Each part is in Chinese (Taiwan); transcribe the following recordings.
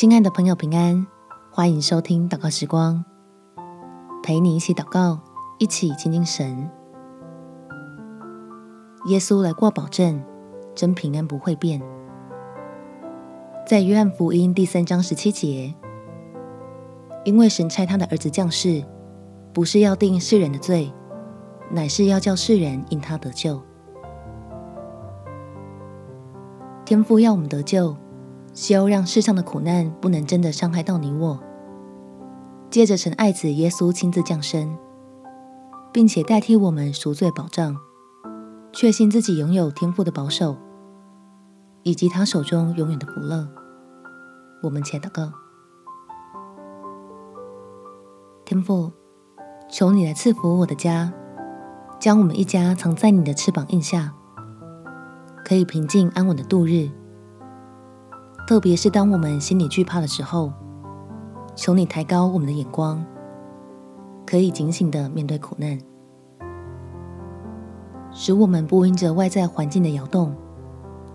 親愛的朋友，平安！歡迎收聽禱告時光，陪你一起禱告，一起親近神。耶穌來掛保證，真平安不會變。在約翰福音第三章十七節，因為神差他的兒子降世，不是要定世人的罪，乃是要叫世人因他得救。天父要我們得救。希望讓世上的苦難不能真的傷害到你我。藉著，神愛子耶穌親自降生，並且代替我們贖罪、保障，確信自己擁有天父的保守，以及他手中永遠的福樂。我們且禱告：天父，求你來賜福我的家，將我們一家藏在你的翅膀蔭下，可以平靜安穩的度日。特別是當我們心裡懼怕的時候，求你抬高我們的眼光，可以警醒地面對苦難，使我們不因着外在環境的搖動，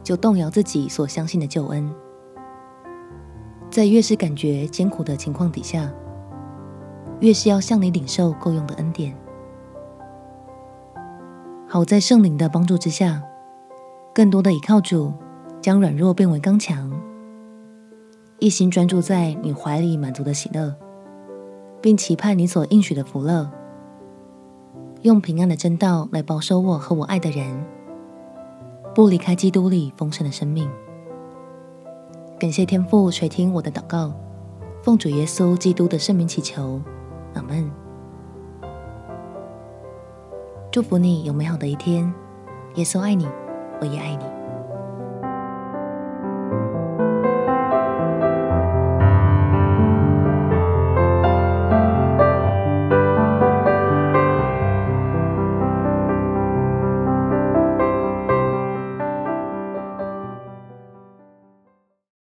就動搖自己所相信的救恩。在越是感覺艱苦的情況底下，越是要向你領受夠用的恩典。好在聖靈的幫助之下，更多的依靠主，將軟弱變為剛強。一心專注在你懷裡滿足的喜樂，並期盼你所應許的福樂，用平安的真道來保守我和我愛的人，不離開基督裡豐盛的生命。感謝天父垂聽我的禱告，奉主耶穌基督的聖名祈求，阿門。祝福你有美好的一天，耶穌愛你，我也愛你。